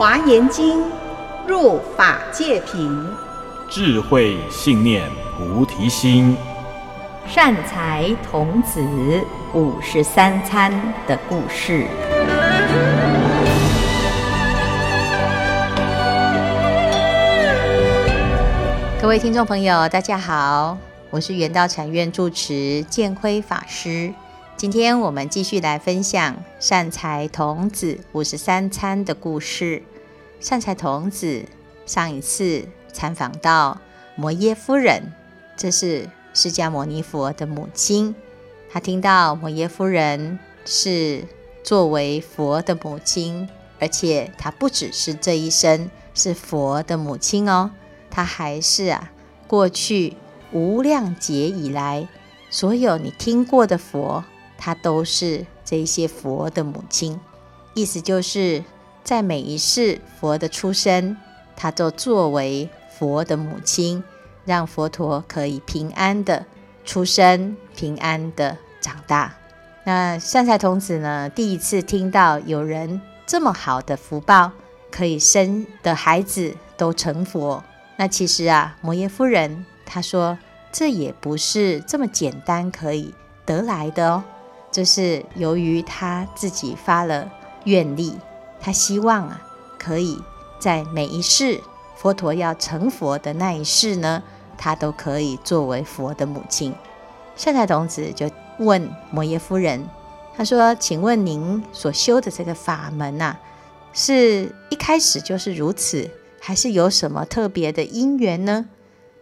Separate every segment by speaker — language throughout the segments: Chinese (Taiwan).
Speaker 1: 華嚴經入法界品，智慧信念菩提心，善財童子五十三參的故事。各位聽眾朋友，大家好，我是圓道禪院住持見輝法師。今天我們繼續來分享善財童子五十三參的故事。善財童子上一次參訪到摩耶夫人，這是釋迦牟尼佛的母親。他聽到摩耶夫人是作為佛的母親，而且她不只是這一生是佛的母親哦，她還是啊過去無量劫以來所有你聽過的佛，她都是這些佛的母親。意思就是。在每一世佛的出生，他都作為佛的母親，讓佛陀可以平安地出生，平安地長大。那善財童子呢，第一次聽到有人這麼好的福報，可以生的孩子都成佛。那其實啊，摩耶夫人她說，這也不是這麼簡單可以得來的哦，這、就是由於他自己發了願力。他希望啊，可以在每一世佛陀要成佛的那一世呢，他都可以作為佛的母親。善財童子就問摩耶夫人：“他說，請問您所修的這個法門啊，是一開始就是如此，還是有什麼特別的因緣呢？”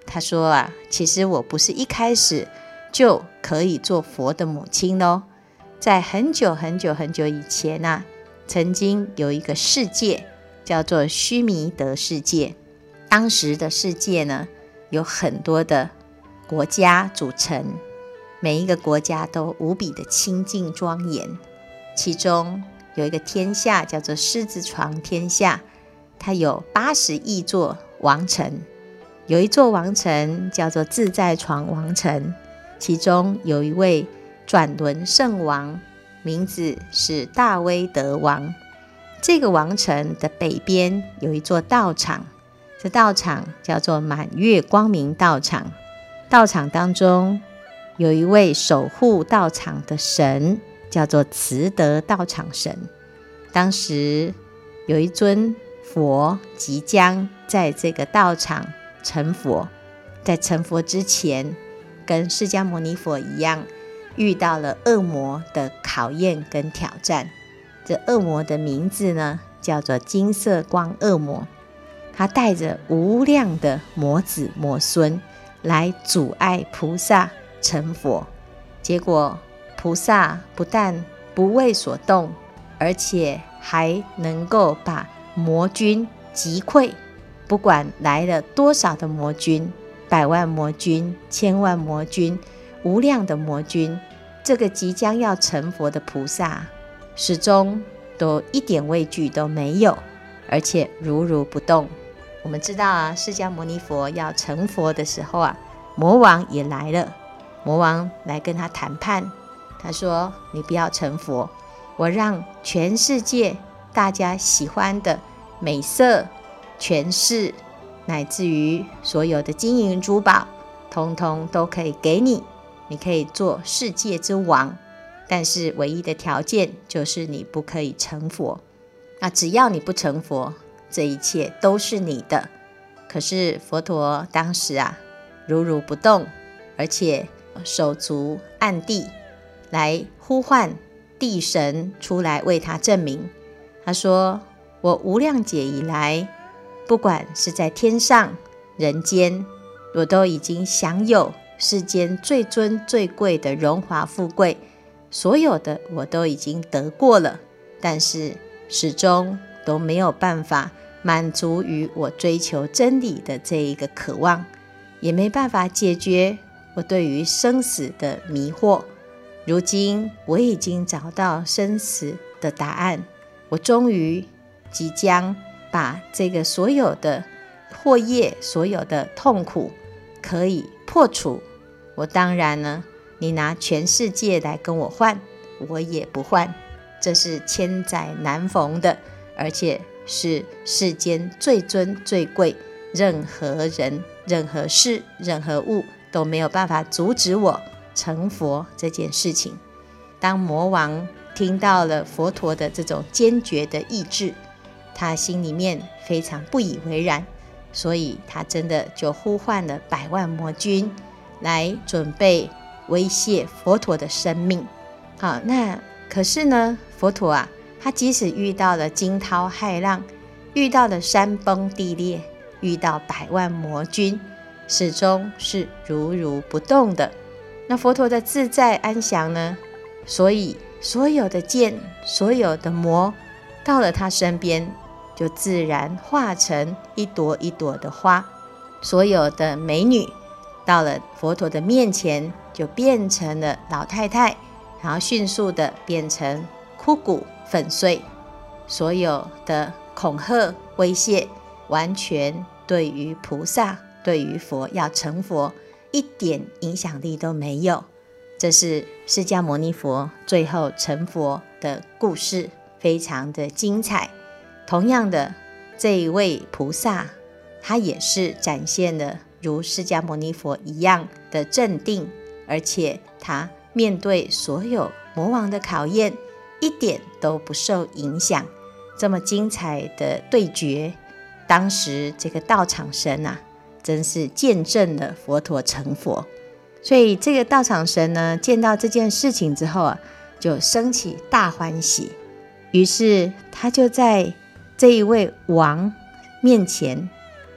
Speaker 1: 他說：“啊，其實我不是一開始就可以做佛的母親哦，在很久很久很久以前啊。”曾經有一個世界叫做須彌德世界，當時的世界呢，有很多的國家組成，每一個國家都無比的清淨莊嚴。其中有一個天下叫做獅子床天下，它有八十億座王城，有一座王城叫做自在床王城，其中有一位轉輪聖王，名字是大威德王。這個王城的北邊有一座道場，這道場叫做滿月光明道場。道場當中有一位守護道場的神，叫做慈德道場神。當時有一尊佛即將在這個道場成佛，在成佛之前，跟釋迦牟尼佛一樣。遇到了惡魔的考驗跟挑戰，這惡魔的名字呢叫做金色光惡魔，他帶着無量的魔子魔孫來阻礙菩薩成佛。結果菩薩不但不為所動，而且還能夠把魔軍擊潰。不管來了多少的魔軍，百萬魔軍、千萬魔軍，無量的魔君，這個即將要成佛的菩薩，始終都一點畏懼都沒有，而且如如不動。我們知道啊，釋迦牟尼佛要成佛的時候啊，魔王也來了，魔王來跟他談判，他說：“你不要成佛，我讓全世界大家喜歡的美色、權勢，乃至於所有的金銀珠寶，通通都可以給你。”你可以做世界之王，但是唯一的條件就是你不可以成佛。那只要你不成佛，這一切都是你的。可是佛陀當時啊，如如不動，而且手足按地，來呼喚地神出來為他證明。他說：“我無量劫以來，不管是在天上、人間，我都已經享有。”世間最尊最貴的榮華富貴，所有的我都已經得過了，但是始終都沒有辦法滿足於我追求真理的這一個渴望，也沒辦法解決我對於生死的迷惑。如今我已經找到生死的答案，我終於即將把這個所有的惑業、所有的痛苦可以破除。我當然呢，你拿全世界來跟我換，我也不換。這是千載難逢的，而且是世間最尊最貴，任何人、任何事、任何物都沒有辦法阻止我成佛這件事情。當魔王聽到了佛陀的這種堅決的意志，他心裡面非常不以為然，所以他真的就呼喚了百萬魔軍。來準備威脅佛陀的生命，啊，那可是呢，佛陀啊，他即使遇到了驚濤駭浪，遇到了山崩地裂，遇到百萬魔軍，始終是如如不動的。那佛陀的自在安詳呢？所以所有的劍，所有的魔，到了他身邊，就自然化成一朵一朵的花，所有的美女。到了佛陀的面前，就變成了老太太，然後迅速的變成枯骨粉碎。所有的恐嚇、威脅，完全對於菩薩、對於佛要成佛一點影響力都沒有。這是釋迦牟尼佛最後成佛的故事，非常的精彩。同樣的，這一位菩薩，他也是展現了。如釋迦牟尼佛一樣的鎮定，而且他面對所有魔王的考驗，一點都不受影響。這麼精彩的對決，當時這個道場神啊，真是見證了佛陀成佛。所以這個道場神呢，見到這件事情之後啊，就生起大歡喜，於是他就在這一位王面前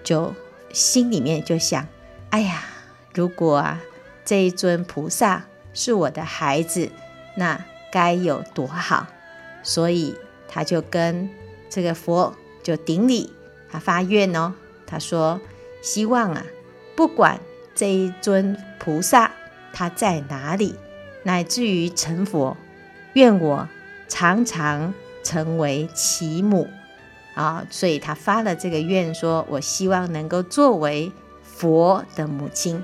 Speaker 1: 就。心裡面就想，哎呀，如果啊這一尊菩薩是我的孩子，那該有多好！所以他就跟這個佛就頂禮，他發願哦，他說希望啊，不管這一尊菩薩他在哪裡，乃至於成佛，願我常常成為其母。啊、哦，所以他發了這個願，說：“我希望能夠作為佛的母親，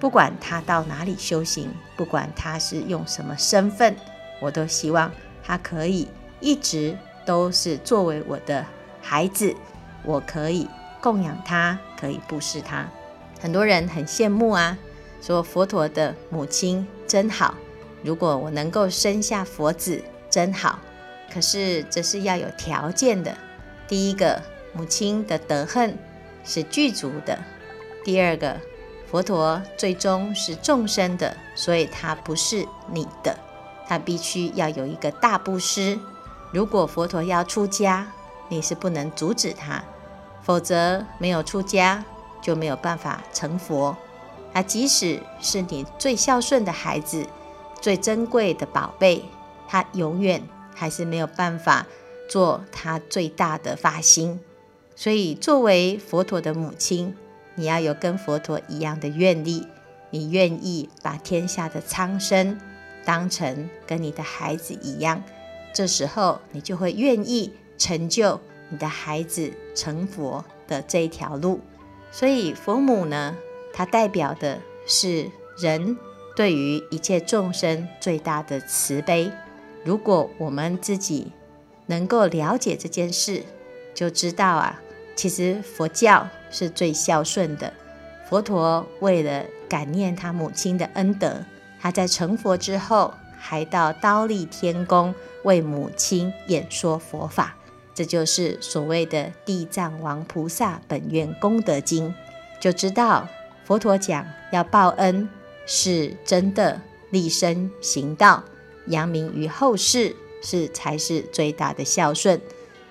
Speaker 1: 不管他到哪裡修行，不管他是用什麼身份，我都希望他可以一直都是作為我的孩子。我可以供養他，可以布施他。很多人很羨慕啊，說佛陀的母親真好，如果我能夠生下佛子，真好。可是這是要有條件的。”第一個，母親的德行是具足的；第二個，佛陀最終是眾生的，所以他不是你的，他必須要有一個大布施。如果佛陀要出家，你是不能阻止他，否則沒有出家就沒有辦法成佛。他即使是你最孝順的孩子，最珍貴的寶貝，他永遠還是沒有辦法做他最大的發心，所以作為佛陀的母親，你要有跟佛陀一樣的願力，你願意把天下的蒼生當成跟你的孩子一樣，這時候你就會願意成就你的孩子成佛的這一條路。所以佛母呢，它代表的是人對於一切眾生最大的慈悲。如果我們自己，能夠了解這件事，就知道啊，其實佛教是最孝順的。佛陀為了感念他母親的恩德，他在成佛之後，還到忉利天宮為母親演說佛法。這就是所謂的《地藏王菩薩本願功德經》，就知道佛陀講要報恩是真的，立身行道，揚名於後世。是才是最大的孝順，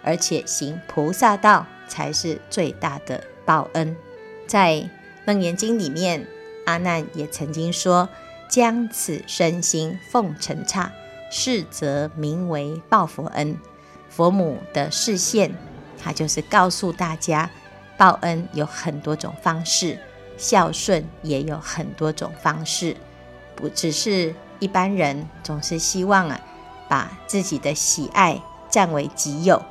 Speaker 1: 而且行菩薩道才是最大的報恩。在《楞嚴經》裡面，阿難也曾經說：“將此身心奉塵剎，是則名為報佛恩。”佛母的示現，他就是告訴大家，報恩有很多種方式，孝順也有很多種方式，不只是一般人總是希望啊。把自己的喜愛占為己有，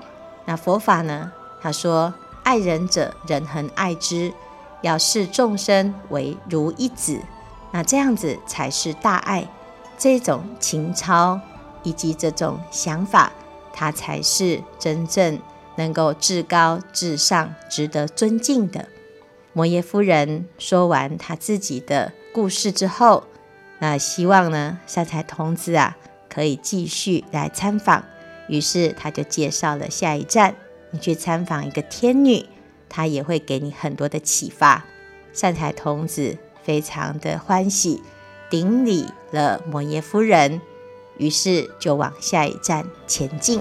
Speaker 1: 那佛法呢？他說：“愛人者，人恆愛之；要視眾生為如一子，那這樣子才是大愛。這種情操以及這種想法，他才是真正能夠至高至上、值得尊敬的。”摩耶夫人說完他自己的故事之後，那希望呢，善財童子啊。可以繼續來參訪，於是他就介紹了下一站，你去參訪一個天女，她也會給你很多的啟發。善財童子非常的歡喜，頂禮了摩耶夫人，於是就往下一站前進。